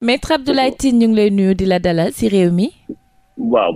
Maître Abdoulaye Tine ñu ngi lay nuyu di la dalal ci réew mi. waaw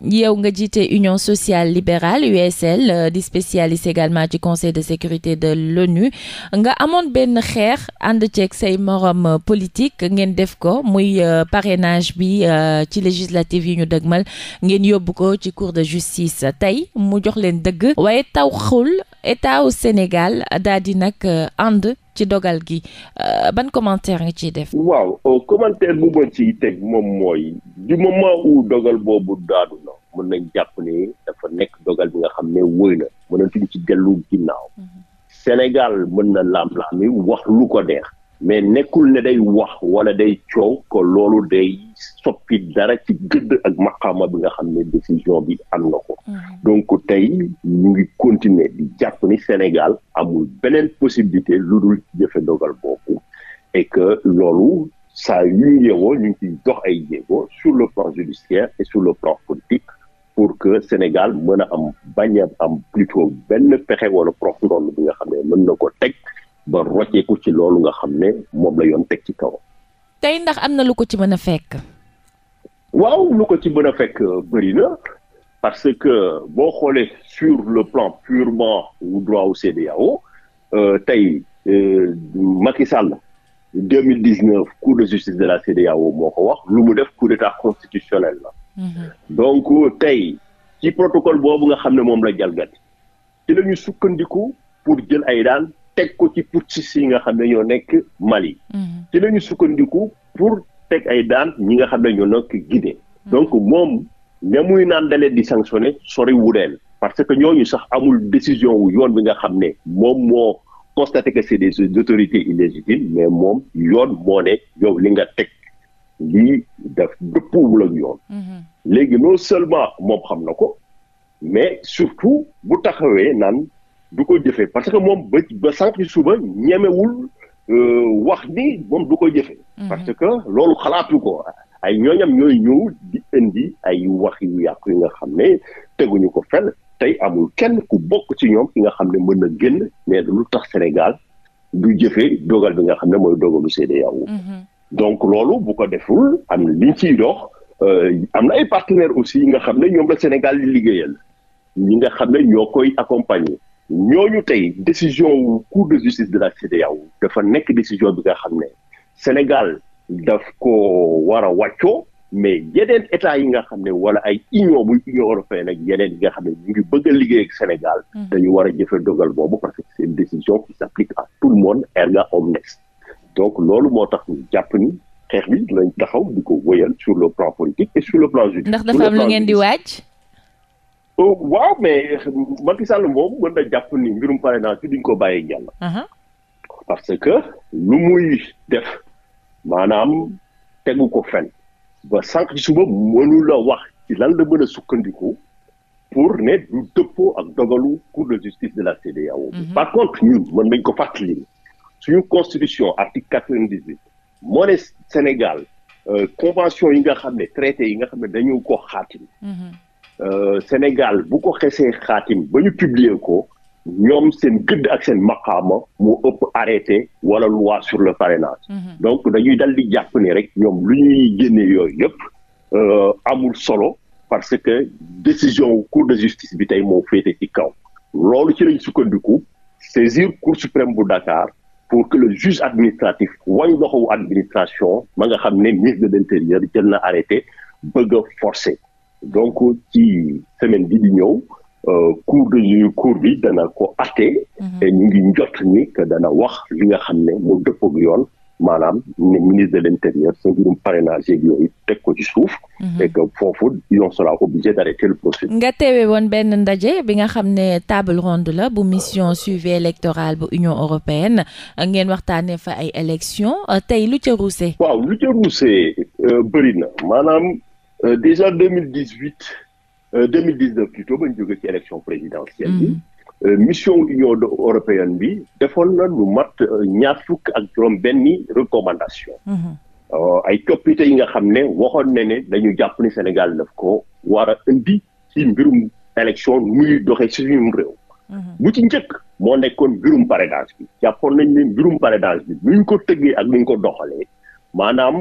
yow nga jiite Union sociale libérale USL euh, di spécialiste également ci conseil de sécurité de l'ONU nga amoon benn xeex ànd ceeg say morom politique ngeen def ko muy euh, parrainage bi euh, ci législative yi ñu dëgmal ngeen yóbbu ko ci cour de justice tey mu jox leen dëgg. waaye taw xul état wu Sénégal dal di nag euh, ànd ci dogal gi euh, ban commentaire nga ciy def. waaw euh, commentaire bu ma ciy teg moom mooy du moment où dogal boobu daanu na mën nañ jàpp ne dafa nekk dogal bi nga xam ne wóy na mënatuñ ci dellu ginnaaw. Mhm. Sénégal mën na laam-laam yi wax lu ko deex mais nekkul ne day wax wala day coow ko loolu day soppi dara ci gëdd ak maqaama bi nga xam ne décision bi am na ko mhm. donc tey ñu ngi continuer di jàpp ni Sénégal amul beneen possibilité lu dul jëfe dogal boobu et que loolu saa yu ñu ñu ngi ciy ay jéego sur le plan judiciaire et sur le plan politique pour que Sénégal mën a am bañ a am plutôt benn pexe wala prof ndoll bi nga xam ne mën na ko teg ba rocceeku ci loolu nga xam ne moom la yoon teg ci kaw. tey ndax am na lu ko ci mën a fekk. waaw lu ko ci mën a fekk bëri na parce que boo xoolee sur le plan purement wu droit wu CEDEAO euh, tey euh, Macky Sall 2019 cour de justice de la CEDEAO moo ko wax lu mu def coup d'état constitutionnel la. Mhm. donc tey ci protocole boobu nga xam ne moom la jalgati. ci la sukkandiku pour jël ay daal teg ko ci putschistes yi nga xam ne ñoo nekk Mali. Mm-hmm. ci la sukkandiku pour teg ay daan ñi nga xam ne ñoo nekk Guinée. Mm-hmm. donc moom ña muy naan daleen di sanctionné sori wu leen parce que ñooñu sax amul décision wu yoon bi nga xam ne moom moo constaté que c'est des autorités illégitimes mais moom yoon moo ne yow li nga teg lii daf dëppoowul ak yoon. Mm-hmm. léegi non seulement moom xam na ko mais surtout bu taxawee naan. du ko jëfee parce que moom ba ba sànq ci suba ñemewul euh, wax ni moom du ko jëfee. Mhm. parce que loolu xalaatu ko ay ñooñam ñooy ñu di indi ay wax yu yàqu yi nga xam ne teguñu ko fenn tey amul kenn ku bokk ci ñoom ki nga xam ne mën na génn mais lu tax Sénégal du jëfee dogal bi nga xam ne mooy dogalu CEDEAO mhm. donc loolu bu ko deful am na liñ ciy dox euh, am na ay partenaire aussi yi nga xam ne ñoom la Sénégal liggéeyal ñi nga xam ne ñoo koy accompagner. ñooñu tey décision wu cour de justice de la CEDEAO dafa nekk décision bi nga xam ne Sénégal daf ko war a wàccoo mais yeneen état yi nga xam ne wala ay union muy union européenne ak yeneen yi nga xam ne ñu ngi bëgg a ak Sénégal hmm. dañu war a jëfe dogal boobu parce que c'est une décision qui s'applique à tout le monde erga omnes donc loolu moo tax jàpp ni xeex bi lañ taxaw di ko wëyal sur le plan politique et sur le plan judiciaire ndax dafa am Oh, waaw mais Macky Sall moom mën na jàpp ni mbirum parrainage bi duñ ko bàyyi jàll. Uh-huh. parce que lu muy def maanaam tegu ko fen ba sànq ci suba mënu wax ci lan la mën a sukkandiku pour ne du dëppoo ak dogalu cour de justice de la CEDEAO. Uh-huh. par contre ñun mën nañ ko fàttali suñu constitution article quatre-vingt-dix-huit moo ne Sénégal euh, convention yi nga xam ne traité yi nga xam ne dañu ko xaatim uh-huh. Euh, Sénégal bu ko xesee xaatim ba ñu publier ko ñoom seen gëdd ak seen maqaama moo ëpp arrêté wala loi sur le parrainage. Mhm. donc dañuy dal di jàpp ni rek ñoom lu ñuy génnee yooyu yëpp euh, amul solo parce que décision cour de justice bi tey moo féete ci kaw. loolu ci lañ sukkandiku saisir cour suprême bu Dakar pour que le juge administratif wañ loxowu administration ma nga xam ne ministre de l'intérieur jël na arrêté bëgg a donc ci semaine bi di ñëw euh, cours de cours bi dana ko atte mhm. te ñu ngi njot ni que dana wax li nga xam ne mu dëppoog yoon maanaam ne ministre de l' intérieur sa mbirum parrainage yeeg yooyu teg ko ci suuf. Mhm. et que foofu on sera obligé d' arrêter le processus. nga teewe woon benn ndaje bi nga xam ne table ronde la bu mission suivi électorale bu Union européenne ngeen waxtaanee fa ay élections tey lu ca ruusee. waaw lu ca ruusee euh, bëri na maanaam. Euh, déjà deux mille dix huit euh, deux mille dix neuf plutôt ba ñu jóge ci élection présidentielle bi. Mm-hmm. Euh, mission union européenne bi defoon na lu mat ñaar fukk ak juróom benni recommandation mm-hmm. ay coppite yi nga xam ne waxoon na ne dañu jàpp ni Sénégal daf ko war a indi ci mbirum élection muy doxee suñu réew mu mm-hmm. ci njëkk moo nekkoon mbirum parrainage bi jàppoon nañ ne mbirum parrainage bi nu ñu ko tëggee ak nu ko doxalee maanaam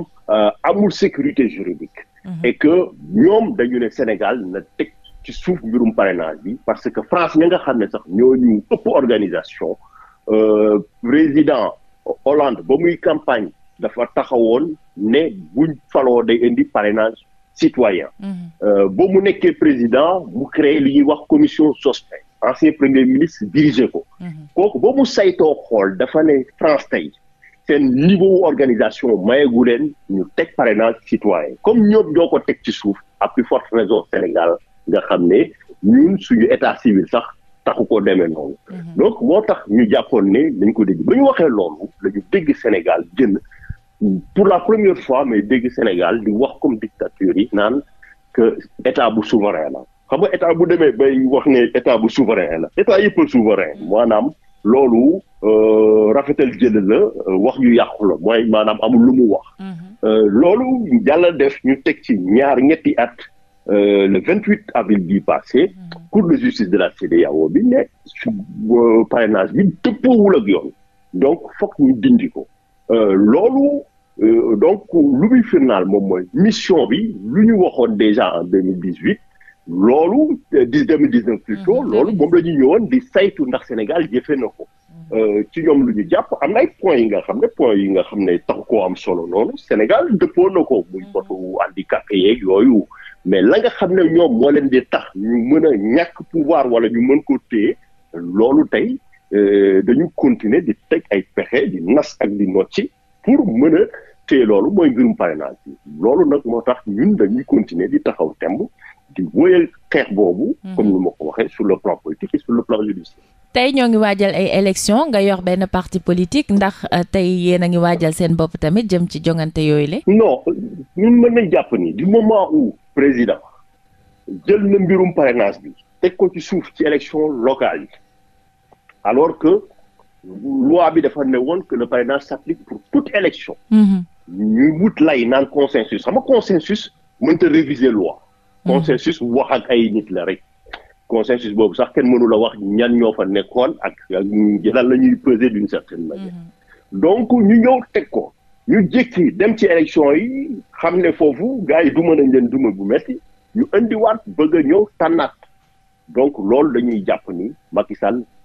amul sécurité juridique Mhm. et que ñoom dañu ne Sénégal na teg ci suuf mbirum parrainage bi parce que France ña nga xam ne sax ñoo ñu ëpp organisation euh, président Hollande ba muy campagne dafa taxawoon ne buñ faloo de indi parrainage citoyen mhm. euh, ba mu nekkee président mu créé li ñuy wax commission suspect ancien premier ministre dirigé ko mhm. kooku ba mu saytoo xool dafa ne France tey seen niveau organisation mayeegu leen ñu teg parrainage citoyen comme ñoom ñoo ko teg ci suuf à plus forte raison Sénégal nga xam ne ñun suñu état civil sax taxu ko demee noonu. Mhm. donc moo tax ñu jàppoon ne dañ ko dégg ba ñu waxee loolu la ñu dégg Sénégal jënd pour la première fois mais dégg Sénégal di wax comme dictature yi naan que état bu souverain la xam nga état bu demee bay wax ne état bu souverain la état yëpp a souverain maanaam. loolu euh, rafetal jël euh, la wax yu yàqu mooy maanaam amul lu mu wax. Mhm. Euh, loolu jalla def ñu teg ci ñaar ñetti at. Euh, le 28 avril bii passé mmh. cour de justice de la CEDEAO bi ne su bi dëppoowul ak yoon donc foog ñu dindi ko loolu donc lu muy firnaal moom mooy mission bi lu ñu waxoon déjà en 2018 loolu euh, deux mille dix neuf mhm. loolu moom la ñu ñëwoon di saytu ndax Sénégal jëfee na ko mhm. euh, ci ñoom lu ñu jàpp am na ay points yi nga xam ne points yi nga xam ne tax koo am solo noonu Sénégal dëppoo na ko muy mhm. potu handicapé yeeg yooyu mais la nga xam ne ñoom moo leen di tax ñu mën a ñàkk pouvoir wala ñu mën ko téye loolu tey euh, dañu continuer di teg ay pexe di nas ak di nocci pour mën a téye loolu mooy mbirum parrainage bi loolu nag moo tax ñun dañuy continuer di taxaw temb di wóyal xeex boobu. Mhm. comme nu ma ko waxee sur le plan politique et sur le plan judiciaire. tey ñoo ngi waajal ay élections nga yor benn parti politique ndax euh, tey yéen a ngi waajal seen bopp tamit jëm ci jongante yooyu le non ñun mën nañ jàpp ni du moment où président jël na mbirum parrainage bi teg ko ci suuf ci élection locale yi alors que loi bi dafa ne woon que le parrainage s'applique pour toute élection. Mhm. ñu wut lay naan consensus xam consensus mënta réviser consensus wax ak ay nit la rek. consensus boobu sax kenn mënu la wax ñan ñoo fa nekkoon ak ak lan la ñuy peser d'une certaine manière. Mm-hmm. donc ñu ñëw teg ko. ñu jékki dem ci élection yi xam ne foofu gars yi duma nañ leen duma bu metti ñu indiwaat bëgg a ñëw tànnaat donc loolu dañuy jàpp ni Macky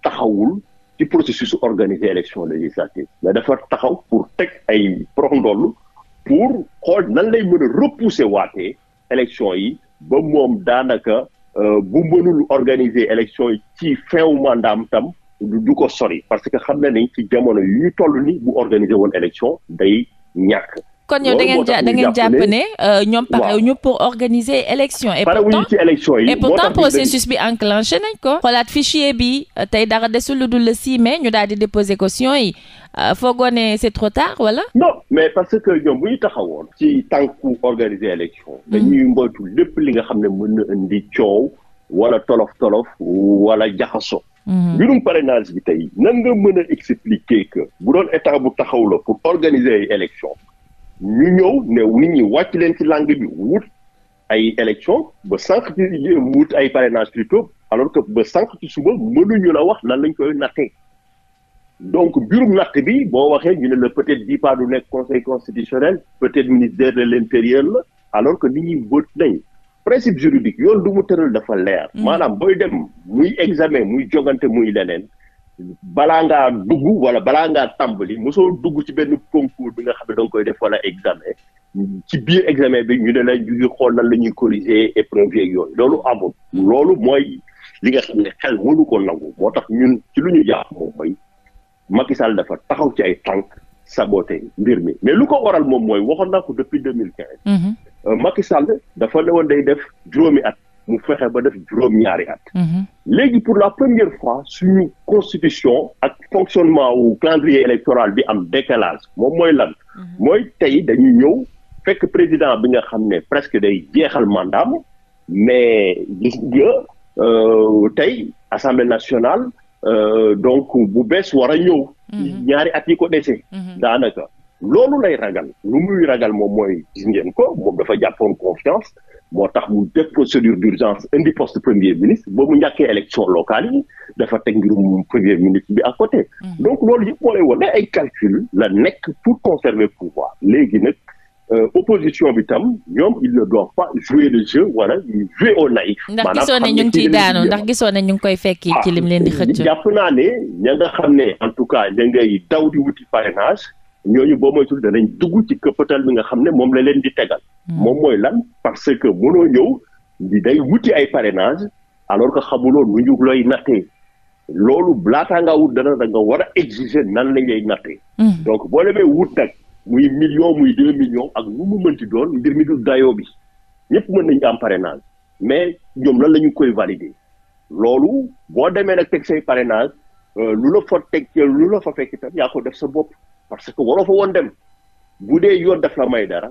taxawul ci processus organiser élection législative mais dafa taxaw pour teg ay prox ndoll pour xool nan lay mën a repousser waatee élection yi ba moom daanaka euh, bu mënul organiser élection yi ci feewu mandaam tam du ko sori parce que xam na ni ci jamono yu ñu toll ni bu organiser woon élection day ñàkk kon yow da ngeen jà da ngeen jàpp ne euh, ñoom parewuñu pour organiser élection et pourtant ci élection yi et processus bi enclenché nañ ko xoolaat fichier bi euh, tey dara desul lu dul le 6 mai ñu daal di déposer caution yi euh, foogoo ne c'est trop tard wala non mais parce que ñoom bu ñu taxawoon ci tànku organiser élection hmm. dañuy mboytu lép li nga xam ne mën na indi coow wala tolof tolof wala jaxaso hmm. mbirum parrainage bi tey nan mën a expliquer que bu doon état bu taxaw la pour organiser ay ñu ñëw ne nit ñi wàcc leen ci langue bi wut ay élection ba sànq ci wut ay parrainage plutôt alors que ba sànq ci suba mënuñu la wax nan lañ koy nattee donc birum naq bi boo waxee ñu ne la peut-être bii pas du nekk conseil constitutionnel peut-être ministère de l'intérieur la alors que nit ñi vote nañ principe juridique yoon du mu tëral dafa leer mm. maanaam booy dem muy examen muy jogante muy leneen balaa ngaa dugg wala balaa ngaa tàmbali mosoo dugg ci benn concours bi nga xam ne da nga koy def wala examen ci biir examen bi ñu dee la ñu ngi xool nan la ñuy corriger épreuve yeeg yooyu loolu amul. loolu mooy li nga xam ne xel mënu ko nangu moo tax ñun ci lu ñuy jàpp moom mooy Macky Sall dafa taxaw ci ay tànk saboté mbir mi mais lu ko waral moom mooy waxoon naa ko depuis deux mille quinze. Mhm. Euh, Macky Sall dafa ne woon day def juróomi at mu fexe ba def juróom ñaari at. Mhm. léegi pour la première fois suñu constitution ak fonctionnement wu calendrier électoral bi am décalage moom mooy lan. Mhm. mooy tey dañu ñëw fekk président bi nga xam ne presque day jeexal mandat mais gis nga euh, tey assemblée nationale euh, donc bu bees war a ñëw. Mhm. ñaari at yi ko dese. Mhm. daanaka loolu lay ragal lu muy ragal moom mooy gis ngeen ko moom dafa jàppoon confiance. moo tax mu def procédure d'urgence indi poste premier ministre ba mu ñàkkee élection locale yi dafa teg mu premier ministre bi à côté. Mm-hmm. donc loolu yëpp moo lay wane ay calcul la nekk pour conserver pouvoir léegi nag euh, opposition bi tam ñoom ils ne doivent pas jouer le jeu wala jouer au naïf. ndax gisoon ne ñu ngi ciy daanu ndax gisoon ne ñu ngi koy fekki ci lim leen di ah, xëcc. jàpp naa ne ña nga xam ne en tout cas ña ngay daw di wuti parrainage. ñooñu boo moytul danañ dugg ci këppatal bi nga xam ne moom la leen di tegal. Hmm. moom mooy lan parce que mënoo ñëw di day wuti ay parrainage alors que xamuloo nu ñu looy nattee loolu laataa ngaa wut dana da nga war a exiger nan lañ lay nattee. Hmm. donc boo demee wut nag muy million muy deux millions ak nu mu mënti doon mbir mi du dayoo bi ñëpp mën nañ am parrainage mais ñoom lan la ñu koy valider loolu boo demee nag teg say parrainage euh, lu la fa teg lu la fa fekk itam yaa ko def sa bopp. parce que waroo fa woon dem bu dee yoon daf la may dara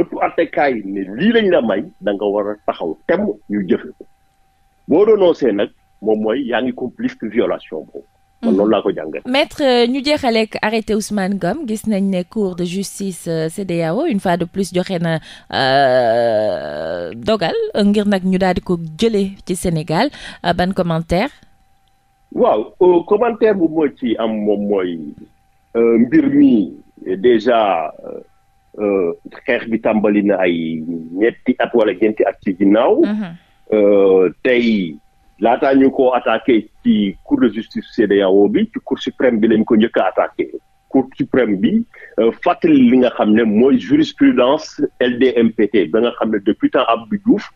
ëttu àttekaay yi ne lii lañ la may da war a taxaw temm ñu jëfe ko boo dénoncé nag moom mooy yaa ngi complice de violation boobu. man loolu mhm. laa ko jàngat. maître euh, ñu jeexaleeg gis nañ ne cour de justice euh, CEDEAO une fois de plus joxe na euh, dogal ngir nag ñu daal ko jëlee ci Sénégal bu moom mooy. Euh, mbir mi eh, déjà euh, euh, xeex bi tàmbali na ay ñetti at wala ñeenti at ci ginnaaw. Mhm. tey laataa ñu ko attaqué ci cour de justice CEDEAO bi ci cour suprême bi lañ ko njëkk a attaqué. cour suprême bi fàttali li nga xam ne mooy jurisprudence LDMPT ba nga xam ne depuis temps Abdou Diouf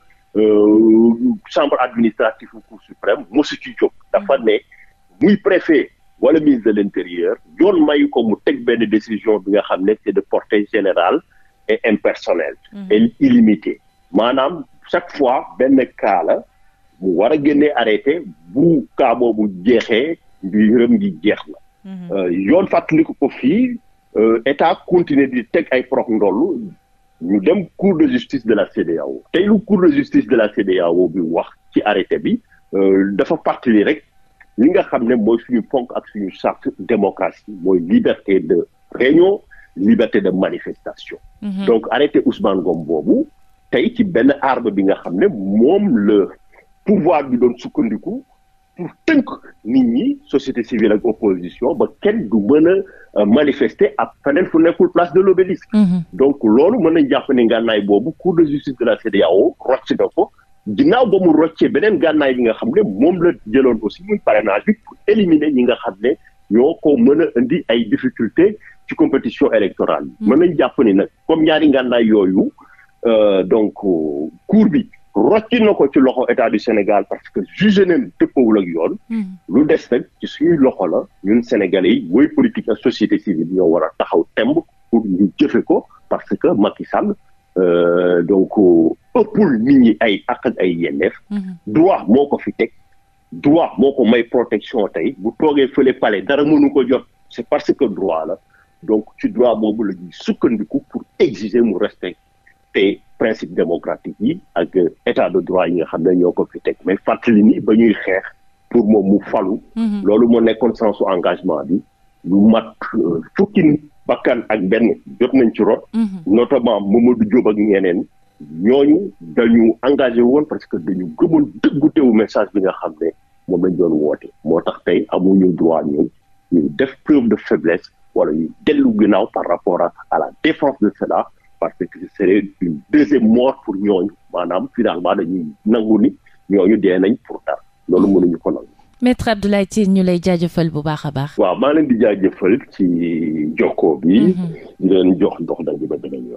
chambre administrative cour suprême mosu ci jóg dafa mhm. ne muy préfet wala ministre de l' intérieur yoon mayu ko mu teg benn décision bi nga xam ne c' est de portée générale et impersonnelle. Mm-hmm. et illimitée maanaam chaque fois benn kaala la mu war a génnee arrêté bu cas boobu jeexee mbiram gi jeex na. Mm-hmm. Euh, yoon fàttali ko fii euh, état continuer di teg ay prox ndollu ñu dem cour de justice de la CEDEAO tey lu cour de justice de la CEDEAO bi wax ci arrêté bi euh, dafa fàttali rek. li nga xam ne mooy suñu ponk ak suñu charte démocratie mooy liberté de réunion liberté de manifestation mhm. donc arrêté Ousmane Ngom boobu tey ci benn arbre bi nga xam ne moom le pouvoir bi doon sukkandiku pour tënk nit ñi société civile ak opposition ba kenn du mën a euh, manifester ab feneen fu nekkul place de l'obélisque mhm. donc loolu mën nañ jàpp ne ngànnaay boobu cour de justice de la CEDEAO rocc na ko ginnaaw ba mu roccee beneen gànnaay bi nga xam ne moom la jëloon aussi muy parrainage bi pour éliminer ñi nga xam ne ñoo ko mën a indi ay difficulté ci compétition électorale mm. mën nañ jàpp ni nag comme ñaari gànnaay yooyu euh, donc cour bi rocci na ko ci loxo état du Sénégal parce que jugé nañ dëppawul ak yoon mm. lu des nag ci suñuy loxo la ñun sénégalais yi mooy politique ak société civile ñoo war a taxaw temb pour ñu jëfe ko parce que Macky Sall euh, donc ëppul nit ñi ay ak ay yelleef mhm. droit moo ko fi teg droit moo ko may protection tey bu toogee fële pale dara mënu ko jot c'est parce que droit la donc ci droit boobu la ñuy sukkandiku pour exiger mu respecter principe démocratique yi ak état de droit yi nga xam ne ñoo ko fi teg mais fàttali ni ba ñuy xeex pour moom mu falu mhm. loolu moo nekkoon sensu engagement bi lu mat euh, fukki bakkan ak benn jot nañ ci rot mhm. notamment Mamadou Diop ak ñeneen ñooñu dañu engagé woon parce que dañu gëmoon dëggu teewu message bi nga xam ne moom lañ doon woote moo tax tey amuñu droit ñun ñu def preuve de faiblesse wala ñu dellu ginnaaw par rapport à la défense de cela parce que ce serait une deuxième mort pour ñooñu maanaam finalement dañuy nangu ni ñooñu dee nañ pour dara loolu mënuñu ko nangu. maître Abdoulaye Tine ñu lay jaajëfal bu baax a baax. waaw maa leen di jaajëfal ci jokkoo bi. Mm-hmm. di leen jox ndox dañu